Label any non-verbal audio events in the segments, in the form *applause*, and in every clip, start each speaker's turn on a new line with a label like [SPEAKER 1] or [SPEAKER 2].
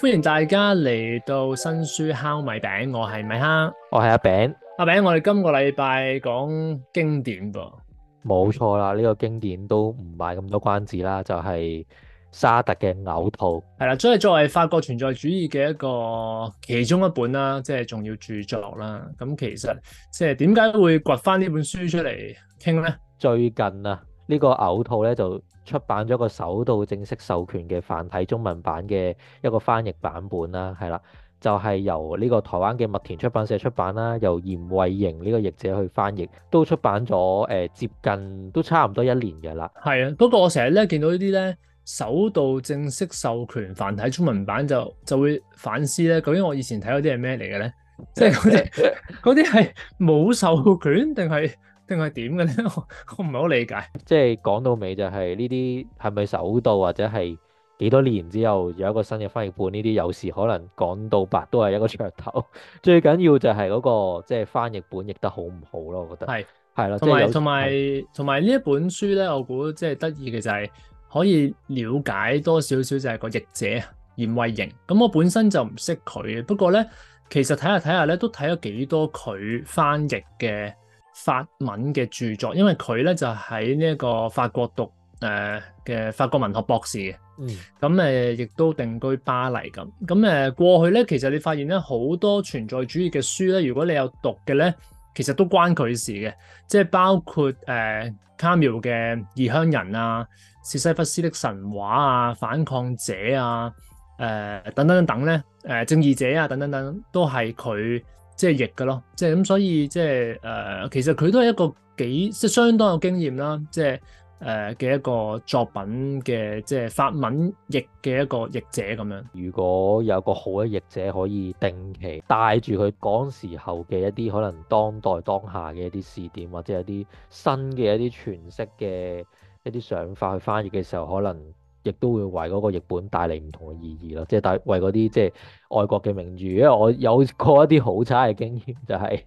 [SPEAKER 1] 歡迎大家嚟到新書烤米餅，我係米哈，我係阿餅，阿餅，我哋今個禮拜講經典噃，
[SPEAKER 2] 冇錯啦，呢個經典都唔賣咁多關子啦，就係沙特嘅嘔吐，
[SPEAKER 1] 係啦，即係作為法國存在主義嘅一個其中一本啦，即係重要著作啦，咁其實即係點解會掘返呢本書出嚟
[SPEAKER 2] 傾咧？最近啊，呢個嘔吐咧就。出版咗個首度正式授權嘅繁體中文版嘅一個翻譯版本啦，係啦，就係、是、由呢個台灣嘅麥田出版社出版啦，由嚴慧瑩呢個譯者去翻譯，都出版咗誒、呃、接近都差唔多一年嘅啦。係啊，不過我成日咧見到呢啲咧
[SPEAKER 1] 首度正式授權繁體中文版就就會反思咧，究竟我以前睇嗰啲係咩嚟嘅咧？ *laughs* 即係嗰啲嗰啲係冇授權定係？定係點嘅咧？我唔係好
[SPEAKER 2] 理解。即係講到尾就係呢啲係咪首度或者係幾多年之後有一個新嘅翻譯本？呢啲有時可能講到白都係一個噱頭。 *laughs* 最緊要就係嗰個即係翻譯本譯得好唔好咯？我覺得係係咯，同埋同埋
[SPEAKER 1] 同埋呢一本書咧，我估即係得意嘅就係可以了解多少少就係個譯者嚴慧瑩。咁我本身就唔識佢嘅，不過咧其實睇下睇下咧都睇咗幾多佢翻譯嘅。法文嘅著作，因為佢咧就喺呢一個法國讀誒嘅、呃、法國文學博士嘅，咁誒亦都定居巴黎咁。咁、嗯、誒過去咧，其實你發現咧好多存在主義嘅書咧，如果你有讀嘅咧，其實都關佢事嘅，即係包括誒、呃、卡妙嘅異鄉人啊、《史西弗斯的神話》啊、《反抗者》啊、誒、呃、等等等咧、誒、呃、正義者啊等等等等，都係佢。即係譯嘅咯，即係咁，所以即係誒、呃，其實佢都係一個幾即係相當有經驗啦，即係誒嘅一個作品嘅即係法文譯嘅一個譯者咁樣。
[SPEAKER 2] 如果有個好嘅譯者，可以定期帶住佢嗰時候嘅一啲可能當代當下嘅一啲視點，或者一啲新嘅一啲詮釋嘅一啲想法去翻譯嘅時候，可能。亦都會為嗰個譯本帶嚟唔同嘅意義咯，即係帶為嗰啲即係外國嘅名著，因為我有過一啲好差嘅經驗，就係、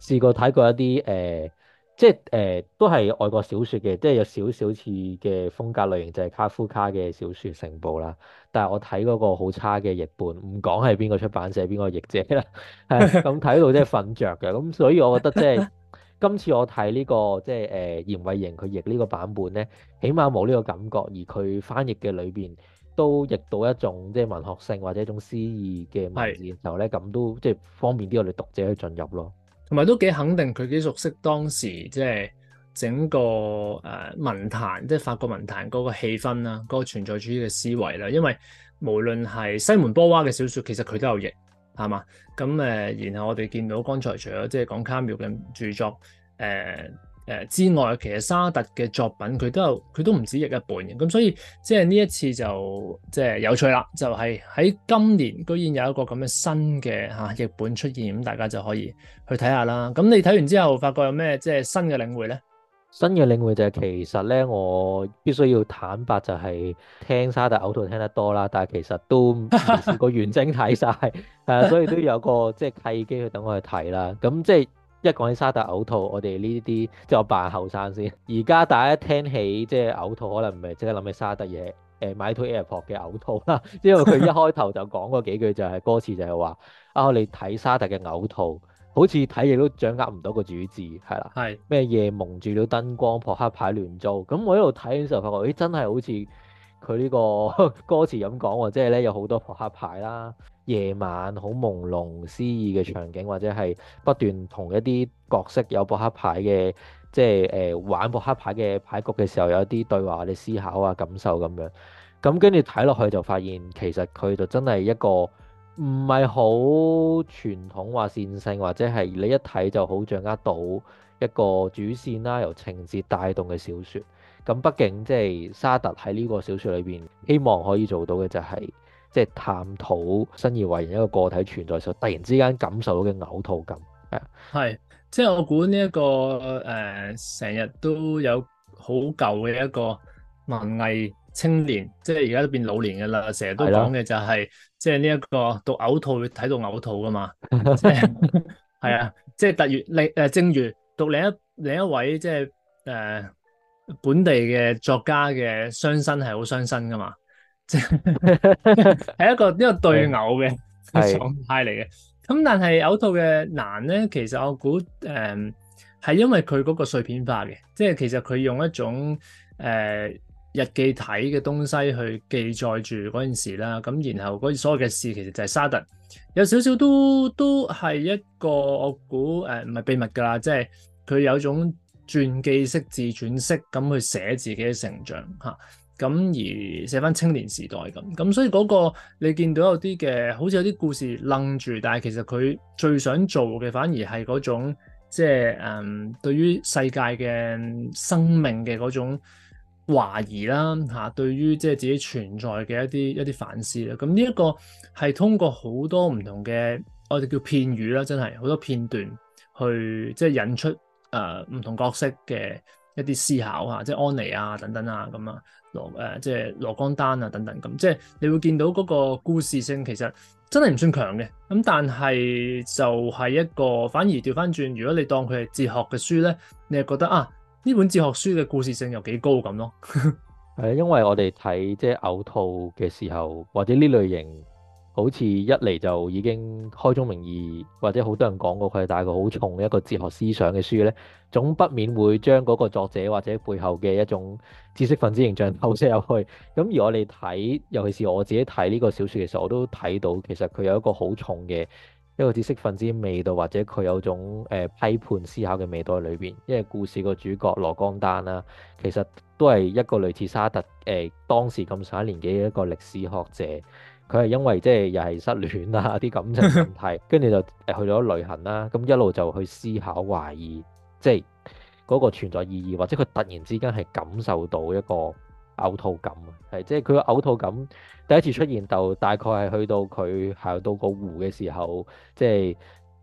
[SPEAKER 2] 是、試過睇過一啲誒、呃，即係誒、呃、都係外國小説嘅，即係有少少似嘅風格類型，就係、是、卡夫卡嘅小説成部啦。但係我睇嗰個好差嘅譯本，唔講係邊個出版社、邊個譯者啦，係咁睇到即係瞓着嘅，咁所以我覺得即係。今次我睇呢個即係誒嚴慧瑩佢譯呢個版本咧，起碼冇呢個感覺，而佢翻譯嘅裏邊都譯到一種即係文學性或者一種詩意嘅文字，然後咧咁都即係方便啲我哋讀者去進入咯。同埋都幾肯定佢幾熟悉當時
[SPEAKER 1] 即係整個誒文壇，即係法國文壇嗰個氣氛啦，嗰個存在主義嘅思維啦。因為無論係西門波娃嘅小説，其實佢都有譯。係嘛？咁誒，然後我哋見到剛才除咗即係講卡妙嘅著作，誒、呃、誒、呃、之外，其實沙特嘅作品佢都有，佢都唔止譯一本嘅。咁所以即係呢一次就即係、就係、有趣啦，就係、係、喺今年居然有一個咁嘅新嘅嚇譯本出現，咁大家就可以去睇下啦。咁你睇完之後，發覺有咩即係新嘅領會咧？
[SPEAKER 2] 新嘅領會就係、是、其實咧，我必須要坦白就係聽沙特嘔吐聽得多啦，但係其實都唔試過完整睇晒，係 *laughs* 啊，所以都有個即係契機去等我去睇啦。咁即係一講起沙特嘔吐，我哋呢啲即係我扮後生先。而家大家一聽起即係嘔吐，可能唔係即刻諗起沙特嘢？誒，My Little Airport 嘅嘔吐啦，因為佢一開頭就講過幾句就係、是、歌詞就係話啊，你睇沙特嘅嘔吐。好似睇嘢都掌握唔到個主旨，係啦，咩是夜蒙住咗燈光，撲克牌亂糟。咁我一路睇嘅時候，發覺咦、欸，真係好似佢呢個歌詞咁講喎，即係咧有好多撲克牌啦，夜晚好朦朧詩意嘅場景，或者係不斷同一啲角色有撲克牌嘅，即係誒、呃、玩撲克牌嘅牌局嘅時候，有一啲對話，我哋思考啊感受咁樣。咁跟住睇落去就發現，其實佢就真係一個。唔係好傳統話線性，或者係你一睇就好掌握到一個主線啦，啊，由情節帶動嘅小説。咁畢竟即係沙特喺呢個小説裏邊，希望可以做到嘅就係即係探討生而為人一個個體存在上突然之間感受到嘅嘔吐感。
[SPEAKER 1] 係，即、就、係、係、我估呢一個誒成、呃、日都有好舊嘅一個文藝。青年即係而家都變老年嘅啦，成日都講嘅就係、是、的即係呢、這個 *laughs* 就是、一個讀嘔吐睇到嘔吐噶嘛，即係啊，即係突如，你誒正如讀另一另一位即係誒本地嘅作家嘅傷身係好傷身噶嘛，即係係一個呢個對偶嘅狀態嚟嘅。咁的但係嘔吐嘅難咧，其實我估誒係因為佢嗰個碎片化嘅，即係其實佢用一種誒。呃日記體嘅東西去記載住嗰件事啦，咁然後嗰所有嘅事其實就係沙特，有少少都都係一個我估誒唔係秘密㗎啦，即係佢有種傳記式自傳式咁去寫自己嘅成長嚇，咁、啊、而寫翻青年時代咁，咁所以嗰個你見到有啲嘅好似有啲故事愣住，但係其實佢最想做嘅反而係嗰種即係誒、呃、對於世界嘅生命嘅嗰種。懷疑啦嚇、啊，對於即係自己存在嘅一啲一啲反思啦。咁呢一個係通過好多唔同嘅我哋叫片語啦，真係好多片段去即係引出誒、呃、唔同角色嘅一啲思考嚇、啊，即係安妮啊等等啊咁啊羅誒、呃、即係羅光丹啊等等咁、啊，即係你會見到嗰個故事性其實真係唔算強嘅。咁、啊、但係就係一個反而掉返轉，如果你當佢係哲學嘅書咧，你係覺得啊～呢本哲學書嘅故事性又幾高咁咯？
[SPEAKER 2] 係 *laughs* 因為我哋睇即係嘔吐嘅時候，或者呢類型好似一嚟就已經開宗明義，或者好多人講過佢係帶個好重一個哲學思想嘅書呢，總不免會將嗰個作者或者背後嘅一種知識分子形象投射入去。咁而我哋睇，尤其是我自己睇呢個小說嘅時候，我都睇到其實佢有一個好重嘅。一個知識分子味道，或者佢有種誒、呃、批判思考嘅味道喺裏邊。因為故事個主角羅光丹啦，其實都係一個類似沙特誒、呃、當時咁上年紀嘅一個歷史學者，佢係因為即係又係失戀啊啲感情問題，跟住就去咗旅行啦，咁一路就去思考懷疑，即係嗰、那個存在意義，或者佢突然之間係感受到一個。嘔吐感啊，係即係佢嘅嘔吐感第一次出現就大概係去到佢行到個湖嘅時候，即係誒、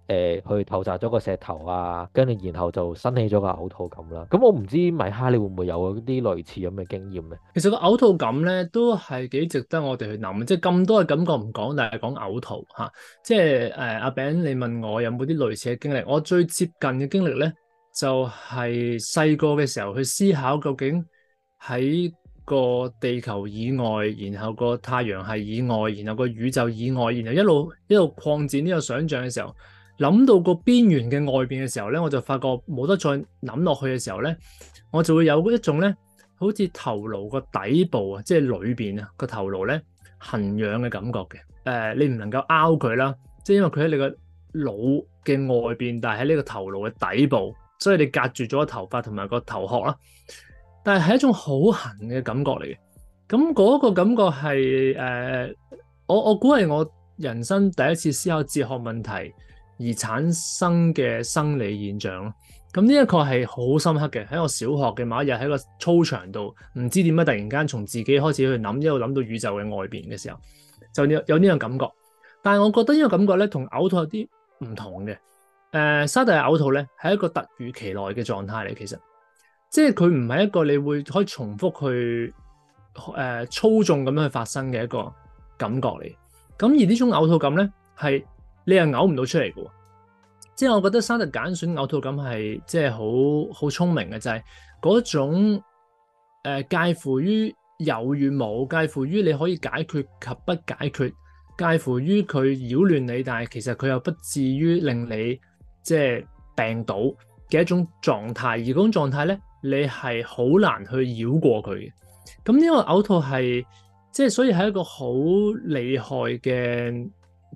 [SPEAKER 2] 呃、去投擲咗個石頭啊，跟住然後就生起咗個嘔吐感啦。咁我唔知米哈你會唔會有啲類似咁嘅經驗咧？其實個嘔吐感咧都
[SPEAKER 1] 係幾值得我哋去諗。即係咁多嘅感覺唔講，但係講嘔吐嚇，即係誒阿餅你問我有冇啲類似嘅經歷，我最接近嘅經歷咧就係細個嘅時候去思考究竟喺。個地球以外，然後個太陽系以外，然後個宇宙以外，然後一路一路擴展呢個想象嘅時候，諗到個邊緣嘅外邊嘅時候咧，我就發覺冇得再諗落去嘅時候咧，我就會有一種咧，好似頭顱個底部啊、就是呃，即係裏邊啊個頭顱咧，痕癢嘅感覺嘅。誒，你唔能夠拗佢啦，即係因為佢喺你個腦嘅外邊，但係喺呢個頭顱嘅底部，所以你隔住咗個頭髮同埋個頭殼啦。但係係一種好痕嘅感覺嚟嘅，咁嗰個感覺係誒、呃，我我估係我人生第一次思考哲學問題而產生嘅生理現象咯。咁呢一個係好深刻嘅，喺我小學嘅某一日喺個操場度，唔知點解突然間從自己開始去諗，一路諗到宇宙嘅外邊嘅時候，就有呢種感覺。但係我覺得呢個感覺咧，同嘔吐有啲唔同嘅。誒、呃，沙特嘅嘔吐咧係一個突如其來嘅狀態嚟，其實。即係佢唔係一個你會可以重複去誒、呃、操縱咁樣去發生嘅一個感覺嚟，咁而呢種嘔吐感咧係你又嘔唔到出嚟嘅，即係我覺得沙特揀選嘔吐感係即係好好聰明嘅就係、是、嗰種誒、呃、介乎於有與冇，介乎於你可以解決及不解決，介乎於佢擾亂你，但係其實佢又不至於令你即係病倒嘅一種狀態，而嗰種狀態咧。你係好難去繞過佢嘅，咁呢個嘔吐係即係所以係一個好厲害嘅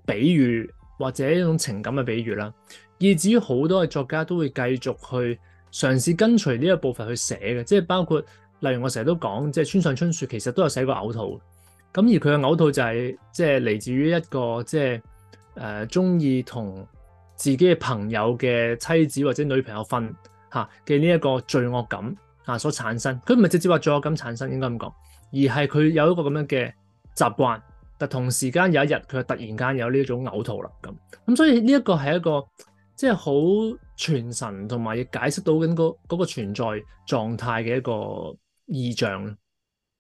[SPEAKER 1] 比喻或者一種情感嘅比喻啦。以至於好多嘅作家都會繼續去嘗試跟隨呢一部分去寫嘅，即係包括例如我成日都講，即係《村上春樹》其實都有寫過嘔吐，咁而佢嘅嘔吐就係、是、即係嚟自於一個即係誒鍾意同自己嘅朋友嘅妻子或者女朋友瞓。嚇嘅呢一個罪惡感嚇所產生，佢唔係直接話罪惡感產生，應該咁講，而係佢有一個咁樣嘅習慣，但同時間有一日佢就突然間有呢種嘔吐啦咁，咁所以呢一個係一個即係好傳神同埋亦解釋到緊嗰個存
[SPEAKER 2] 在狀態嘅一個意象。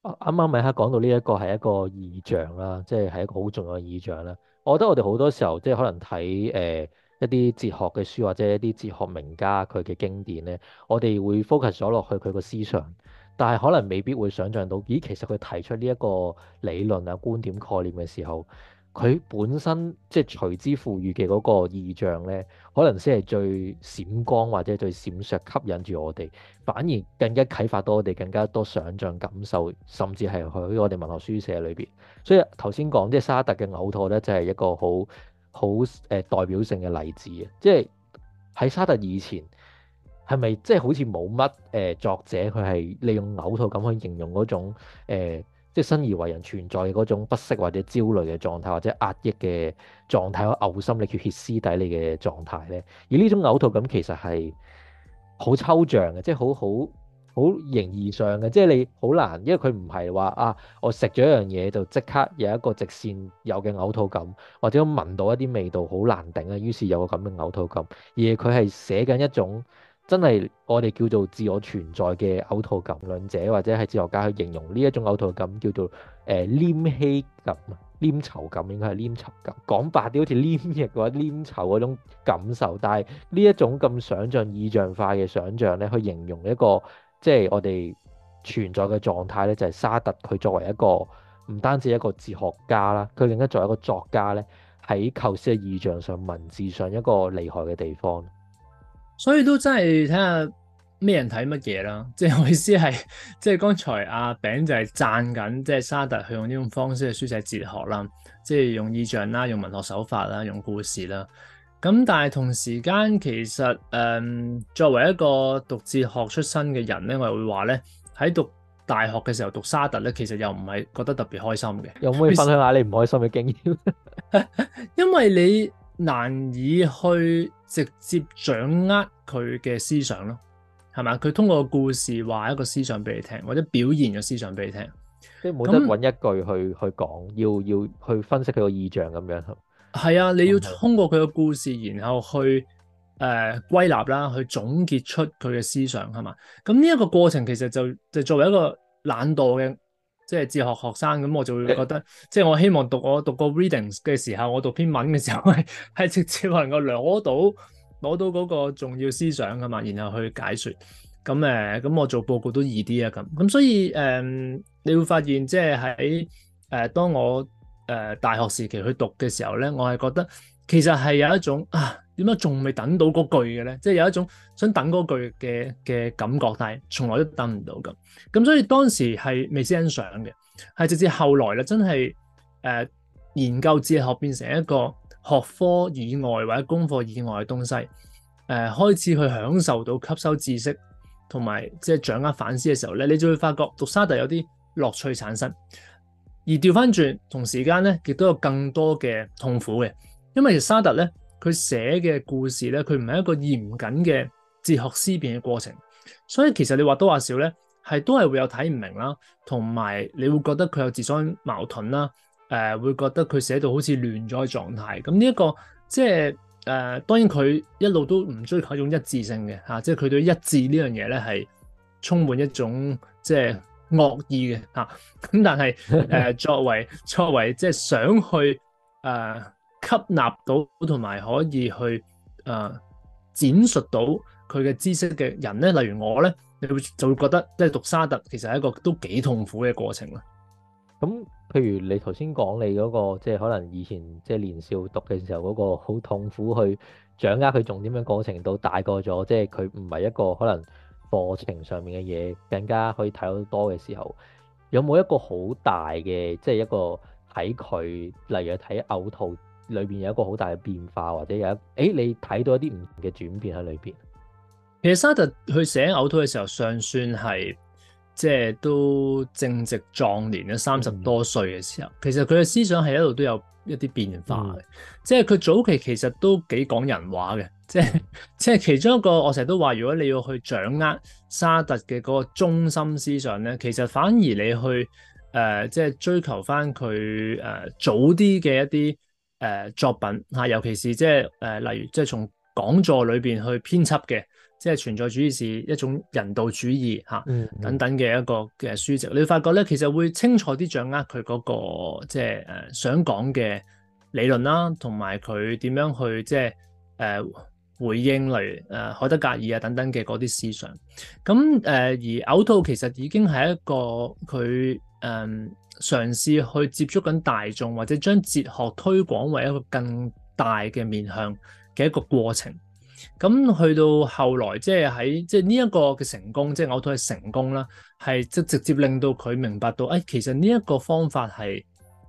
[SPEAKER 2] 啱啱米哈講到呢一個係、就是、一個意象啦，即係係一個好重要嘅意象啦。我覺得我哋好多時候即係可能睇誒，呃一啲哲學嘅書或者一啲哲學名家佢嘅經典咧，我哋會 focus 咗落去佢個思想，但係可能未必會想象到，咦，其實佢提出呢一個理論啊，觀點、概念嘅時候，佢本身即係隨之賦予嘅嗰個意象咧，可能先係最閃光或者最閃爍吸引住我哋，反而更加啟發到我哋更加多想象感受，甚至係去我哋文學書寫裏邊。所以頭先講即係沙特嘅《嘔吐》咧，就係、是，一個好。好誒，代表性嘅例子啊，即係喺沙特以前係咪即係好似冇乜誒作者佢係利用嘔吐感去形容嗰種誒、呃、即係生而為人存在嘅嗰種不適或者焦慮嘅狀態或者壓抑嘅狀態，我嘔心瀝血歇斯底里嘅狀態咧，而呢種嘔吐感其實，係好抽象嘅，即係好好。好形而上嘅，即係你好難，因為佢唔係話啊，我食咗一樣嘢就即刻有一個直線有嘅嘔吐感，或者聞到一啲味道好難頂啊，於是有個咁嘅嘔吐感。而佢係寫緊一種真係我哋叫做自我存在嘅嘔吐感。論者或者係哲學家去形容呢一種嘔吐感，叫做誒、呃、黏稀感、黏稠感，應該係黏稠感。講白啲，好似黏液嘅話，黏稠嗰種感受。但係呢一種咁想象意象化嘅想像咧，去形容一個，即係我哋存在嘅狀態咧，就係沙特佢作為一個唔單止一個哲學家啦，佢更加作為一個作家咧，喺構思嘅意象上、文字上一個厲害嘅地方。
[SPEAKER 1] 所以都真係睇下咩人睇乜嘢啦，即係我意思係即係剛才阿餅就係讚緊，即係沙特佢用呢種方式去書寫哲學啦，即係用意象啦，用文學手法啦，用故事啦。咁但係同時間，其實誒、嗯、作為一個讀哲學出身嘅人咧，我又會話咧，喺讀大學嘅時候讀沙特咧，其實又唔係覺得特別開心嘅。有冇分享下你
[SPEAKER 2] 唔開心嘅經驗？
[SPEAKER 1] *laughs* *laughs* 因為你難以去直接掌握佢嘅思想咯，係嘛？佢通過故事話一個思想俾你聽，或者表現咗思想俾你聽，
[SPEAKER 2] 即係冇得揾一句去那去講，要要去分析佢個意象咁樣。
[SPEAKER 1] 係啊，你要通過佢嘅故事，然後去誒歸納啦，去總結出佢嘅思想，係嘛？咁呢一個過程其實就就作為一個懶惰嘅即係哲學學生，咁我就會覺得，你即係我希望讀我讀個 readings 嘅時候，我讀篇文嘅時候係 *laughs* 直接能夠攞到攞到嗰個重要思想噶嘛，然後去解說。咁誒，咁我做報告都易啲啊咁。咁所以誒、呃，你會發現即係喺誒當我。誒、呃、大學時期去讀嘅時候咧，我係覺得其實係有一種啊點解仲未等到嗰句嘅咧，即係有一種想等嗰句嘅嘅感覺，但係從來都等唔到咁。咁所以當時係未識欣賞嘅，係直至後來咧，真係誒、呃、研究哲學變成一個學科以外或者功課以外嘅東西，誒、呃、開始去享受到吸收知識同埋即係掌握反思嘅時候咧，你就會發覺讀沙特有啲樂趣產生。而掉返轉同時間咧，亦都有更多嘅痛苦嘅，因為沙特咧，佢寫嘅故事咧，佢唔係一個嚴謹嘅哲學思辨嘅過程，所以其實你話多話少咧，係都係會有睇唔明啦，同埋你會覺得佢有自相矛盾啦，誒、呃、會覺得佢寫到好似亂咗嘅狀態。咁呢一個即係誒、呃，當然佢一路都唔追求一種一致性嘅嚇、啊，即係佢對一致呢樣嘢咧係充滿一種即係。惡意嘅嚇，咁、啊、但係誒、呃、作為作為即係想去誒、呃、吸納到同埋可以去誒、呃、展述到佢嘅知識嘅人咧，例如我咧，你會就會覺得即係、就是、讀沙特其實係一個都幾痛苦嘅過程啦。
[SPEAKER 2] 咁譬如你頭先講你嗰、那個即係、就是、可能以前即係年少讀嘅時候嗰個好痛苦去掌握佢重點嘅過程，都大個咗即係佢唔係一個可能。過程上面嘅嘢更加可以睇到多嘅時候，有冇一個好大嘅，即係一個喺佢，例如睇《嘔吐》裏邊有一個好大嘅變化，或者有一，誒、欸、你睇到一啲唔同嘅轉變喺裏邊。其實沙特去寫《嘔吐》嘅時候，
[SPEAKER 1] 尚算係即係都正值壯年啦，三十多歲嘅時候。其實佢嘅思想係一度都有一啲變化嘅，嗯、即係佢早期其實都幾講人話嘅。即係即係其中一個，我成日都話，如果你要去掌握沙特嘅嗰個中心思想咧，其實反而你去誒、呃，即係追求翻佢誒早啲嘅一啲誒、呃、作品嚇，尤其是即係誒例如即係從講座裏邊去編輯嘅，即係存在主義是一種人道主義嚇、啊嗯嗯、等等嘅一個嘅書籍，你會發覺咧，其實會清楚啲掌握佢嗰、嗰個即係誒、呃、想講嘅理論啦，同埋佢點樣去即係誒。呃呃回應類，誒海德格爾啊等等嘅嗰啲思想，咁誒、呃、而嘔吐其實已經係一個佢誒、呃、嘗試去接觸緊大眾或者將哲學推廣為一個更大嘅面向嘅一個過程。咁去到後來，即係喺即係呢一個嘅成功，即係嘔吐嘅成功啦，係即直接令到佢明白到，誒、哎、其實呢一個方法係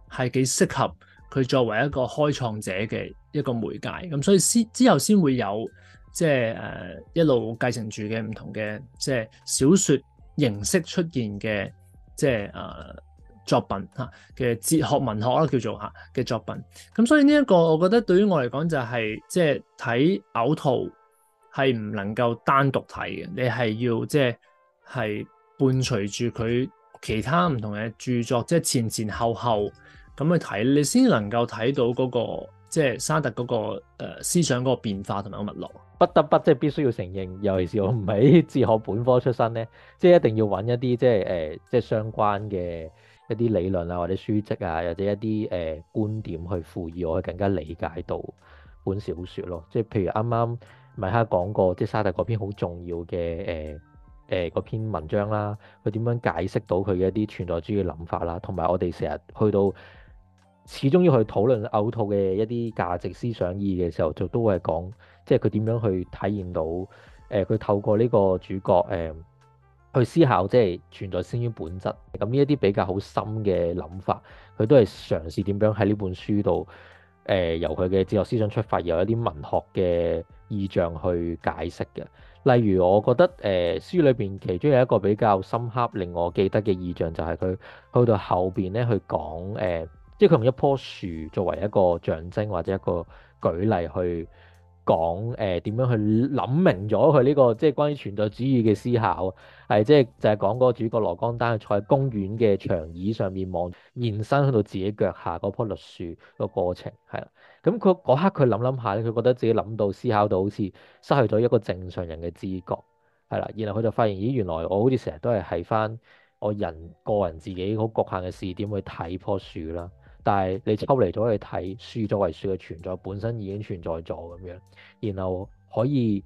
[SPEAKER 1] 係幾適合。佢作為一個開創者嘅一個媒介，咁所以先之後先會有即係誒、呃、一路繼承住嘅唔同嘅即係小說形式出現嘅即係誒、呃、作品嚇嘅哲學文學啦，叫做嚇嘅作品。咁所以呢一個我覺得對於我嚟講就係、是、即係睇《嘔吐》係唔能夠單獨睇嘅，你係要即係係伴隨住佢其他唔同嘅著作，即係前前後後。咁去睇，你先能夠睇到嗰、那個即係、就是、沙特嗰個思
[SPEAKER 2] 想嗰個變化同埋脈絡。不得不即係必須要承認，尤其是我唔係哲學本科出身咧，即係一定要揾一啲即係誒、呃、即係相關嘅一啲理論啊，或者書籍啊，或者一啲誒、呃、觀點去賦予我更加理解到本小説咯。即係譬如啱啱米哈講過，即係沙特嗰篇好重要嘅誒誒篇文章啦，佢點樣解釋到佢嘅一啲存在主義嘅諗法啦，同埋我哋成日去到。始終要去討論嘔吐嘅一啲價值思想意義嘅時候，就都會係講，即係佢點樣去體現到，誒、呃、佢透過呢個主角誒、呃、去思考，即係存在先於本質。咁呢一啲比較好深嘅諗法，佢都係嘗試點樣喺呢本書度，誒、呃、由佢嘅哲學思想出發，有一啲文學嘅意象去解釋嘅。例如，我覺得誒、呃、書裏邊其中有一個比較深刻令我記得嘅意象就，就係佢去到後邊咧去講誒。呃即係佢用一棵樹作為一個象徵或者一個舉例去講，誒點、呃、樣去諗明咗佢呢個即係關於存在主義嘅思考，係即係就係講嗰個主角羅江丹坐喺公園嘅長椅上面，望延伸去到自己腳下嗰棵栗樹個過程，係啦。咁佢嗰刻佢諗諗下咧，佢覺得自己諗到思考到好似失去咗一個正常人嘅知覺，係啦。然後佢就發現，咦，原來我好似成日都係喺翻我人個人自己好局限嘅視點去睇棵樹啦。但係你抽離咗去睇樹，作為樹嘅存在本身已經存在咗咁樣，然後可以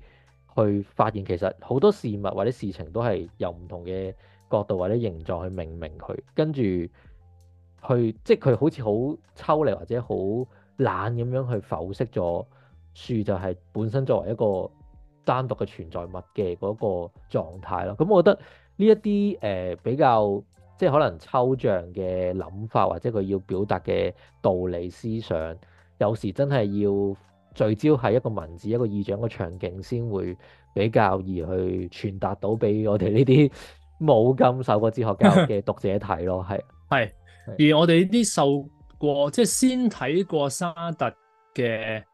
[SPEAKER 2] 去發現其實好多事物或者事情都係由唔同嘅角度或者形狀去命名佢，跟住去即係佢好似好抽離或者好懶咁樣去剖析咗樹就係、是、本身作為一個單獨嘅存在物嘅嗰個狀態咯。咁我覺得呢一啲誒比較。即係可能抽象嘅諗法，或者佢要表達嘅道理思想，有時真係要聚焦喺一個文字、一個意象、個場景，先會比較易去傳達到俾我哋呢啲冇咁受過哲學教育嘅讀者睇咯。係係而我哋呢啲
[SPEAKER 1] 受過即係先睇過沙特嘅，誒、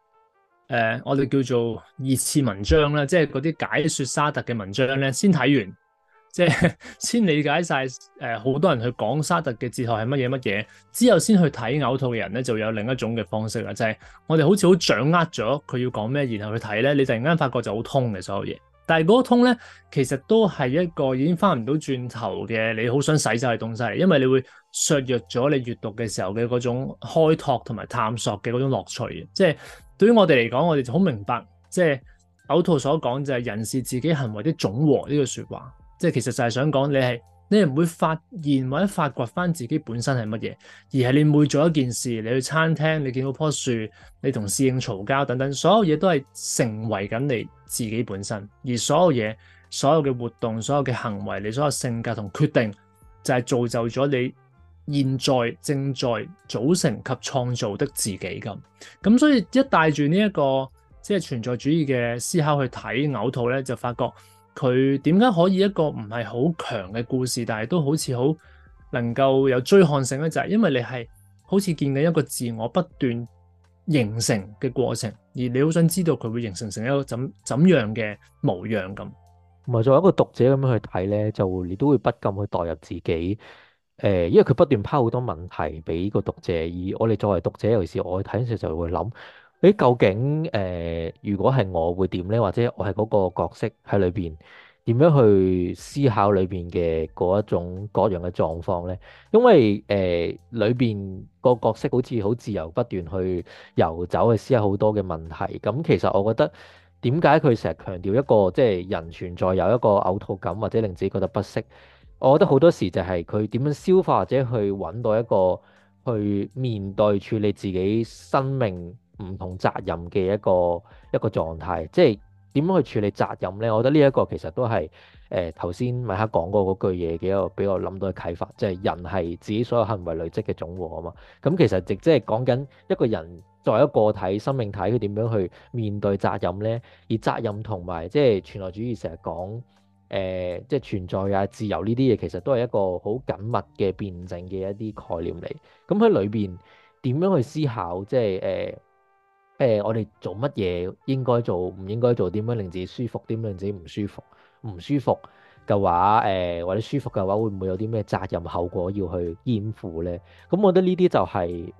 [SPEAKER 1] 呃，我哋叫做二次文章啦，即係嗰啲解說沙特嘅文章咧，先睇完。即係先理解晒誒，好、呃、多人去講沙特嘅哲學係乜嘢乜嘢之後，先去睇《嘔吐》嘅人咧，就有另一種嘅方式啦。就係、是、我哋好似好掌握咗佢要講咩，然後去睇咧，你突然間發覺就好通嘅所有嘢。但係嗰個通咧，其實都係一個已經翻唔到轉頭嘅你好想洗晒嘅東西，因為你會削弱咗你閱讀嘅時候嘅嗰種開拓同埋探索嘅嗰種樂趣。即係對於我哋嚟講，我哋就好明白，即係《嘔吐》所講就係人是自己行為的總和呢句説話。即係其實就係想講你係你唔會發現或者發掘返自己本身係乜嘢，而係你每做一件事，你去餐廳，你見到棵樹，你同侍應嘈交等等，所有嘢都係成為緊你自己本身。而所有嘢、所有嘅活動、所有嘅行為、你所有性格同決定，就係、是、造就咗你現在正在組成及創造的自己咁。咁所以一帶住呢一個即係存在主義嘅思考去睇嘔吐咧，就發覺。佢點解可以一個唔係好強嘅故事，但係都好似好能夠有追看性咧？就係因為你係好似見到一個自我不斷形成嘅過程，而你好想知道佢會形成成一個怎怎樣嘅模樣咁。
[SPEAKER 2] 唔係作為一個讀者咁樣去睇咧，就你都會不禁去代入自己。誒、呃，因為佢不斷拋好多問題俾個讀者，而我哋作為讀者，尤其是我睇嘅時候就會諗。誒究竟誒、呃，如果係我會點呢？或者我係嗰個角色喺裏邊點樣去思考裏邊嘅嗰一種各樣嘅狀況呢？因為誒裏邊個角色好似好自由不斷去遊走去思考好多嘅問題。咁其實我覺得點解佢成日強調一個即係、就是、人存在有一個嘔吐感或者令自己覺得不適？我覺得好多時就係佢點樣消化或者去揾到一個去面對處理自己生命唔同責任嘅一個一個狀態，即係點樣去處理責任呢？我覺得呢一個其實都係誒頭先米克講過嗰句嘢嘅一個畀我諗到嘅啟發，即係人係自己所有行為累積嘅總和啊嘛。咁、嗯嗯、其實直即係講緊一個人作為一個體生命體，佢點樣去面對責任呢？而責任同埋即係、呃、存在主義成日講誒，即係存在啊、自由呢啲嘢，其實都係一個好緊密嘅辯證嘅一啲概念嚟。咁喺裏邊點樣去思考，即係誒？呃誒、呃，我哋做乜嘢應該做，唔應該做？點樣令自己舒服？點樣令自己唔舒服？唔舒服嘅話，誒、呃、或者舒服嘅話，會唔會有啲咩責任後果要去肩負咧？咁我覺得呢啲就係、是、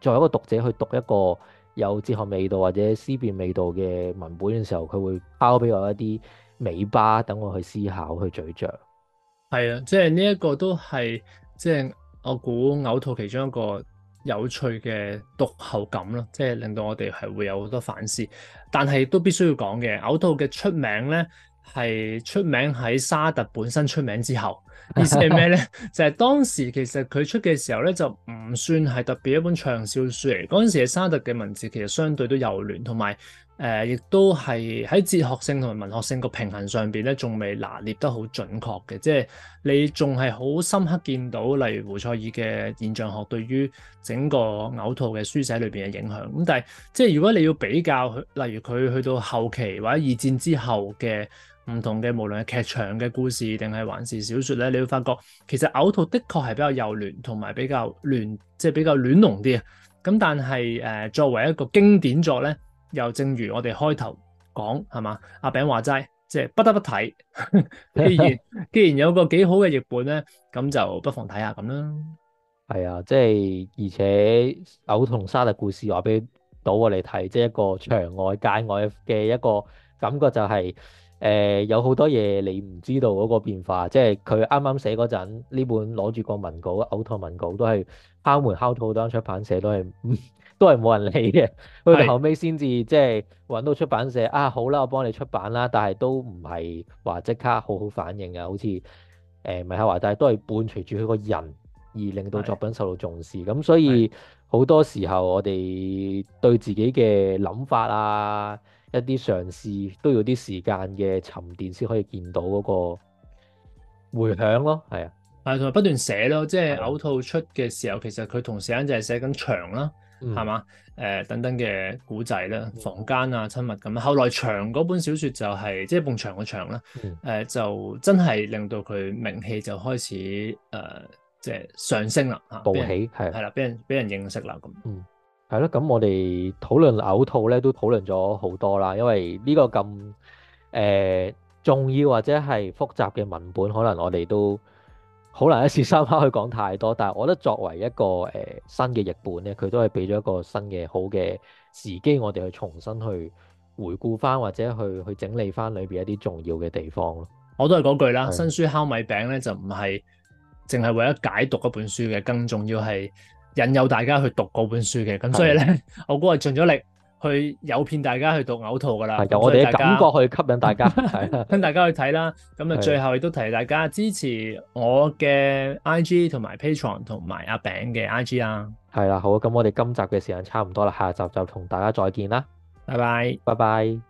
[SPEAKER 2] 作為一個讀者去讀一個有哲學味道或者思辨味道嘅文本嘅時候，佢會拋俾我一啲尾巴，等我去思考、去咀嚼。係啊，即係呢一個都係，即係我估嘔吐其中一個。
[SPEAKER 1] 有趣嘅讀後感咯，即係令到我哋係會有好多反思，但係都必須要講嘅。《嘔吐》嘅出名咧，係出名喺沙特本身出名之後，意思係咩咧？ *laughs* 就係當時其實佢出嘅時候咧，就唔算係特別一本暢銷書嚟。嗰陣時嘅沙特嘅文字其實相對都幼嫩，同埋。誒，亦、呃、都係喺哲學性同埋文學性個平衡上邊咧，仲未拿捏得好準確嘅，即係你仲係好深刻見到，例如胡塞爾嘅現象學對於整個《嘔吐》嘅書寫裏邊嘅影響。咁但係，即係如果你要比較，例如佢去到後期或者二戰之後嘅唔同嘅，無論係劇場嘅故事定係還是小說咧，你會發覺其實《嘔吐》的確係比較幼嫩，同埋比較亂，即係比較亂龍啲啊。咁但係誒、呃，作為一個經典作咧。又正如我哋開頭講係嘛？阿餅話齋，即係不得不睇。 *laughs* 既然既然有個幾好嘅譯本咧，咁就不妨睇下咁啦。
[SPEAKER 2] 係啊，即係而且《嘔吐》同沙特故事話俾到我哋睇，即係一個場外界外嘅一個感覺、就是，就係誒有好多嘢你唔知道嗰個變化。即係佢啱啱寫嗰陣呢本攞住個文稿，嘔吐文稿都係敲門敲咗好多出版社都係、嗯。都係冇人理嘅，佢哋後尾先至即係揾到出版社的啊！好啦，我幫你出版啦，但係都唔係話即刻好好反應啊！好似誒米夏華，大、呃、都係伴隨住佢個人而令到作品受到重視。咁的所以好的多時候，我哋對自己嘅諗法啊，一啲嘗試都要啲時間嘅沉澱先可以見到嗰個迴響咯。係啊，係同埋不斷寫咯，即係嘔吐出嘅時候，其實佢同
[SPEAKER 1] 時間就係寫緊牆啦。係嘛？誒、呃、等等嘅古仔啦，房間啊，親密咁、啊。後來牆嗰本小説就係、是、即係埲牆嘅牆啦。誒、嗯呃、就真係令到佢名氣就開始誒即係
[SPEAKER 2] 上升啦嚇，暴起係係
[SPEAKER 1] 啦，俾人俾是人，人認識啦咁。嗯，
[SPEAKER 2] 係咯。咁我哋討論嘔吐咧，都討論咗好多啦。因為呢個咁誒、呃、重要或者係複雜嘅文本，可能我哋都。好難一時三刻去講太多，但係我覺得作為一個誒、呃、新嘅譯本咧，佢都係俾咗一個新嘅好嘅時機，我哋去重新去回顧翻或者去去整理翻裏邊一啲重要嘅地方咯。我都係嗰句啦，
[SPEAKER 1] 的新書烤米餅咧就唔係淨係為咗解讀嗰本書嘅，更重要係引誘大家去讀嗰本書嘅。咁所以咧，的我估係盡咗力。去誘騙大家去讀嘔吐㗎啦，由我哋嘅感覺去吸引大家， *laughs* 的 *laughs* 跟大家去睇啦。咁啊，最後亦都提大家支持我嘅 IG 同埋 Patreon 同埋阿餅嘅 IG 啊。
[SPEAKER 2] 係啦，好啊，咁我哋今集嘅時間差唔多啦，下集就同大家再見啦。拜拜，拜拜。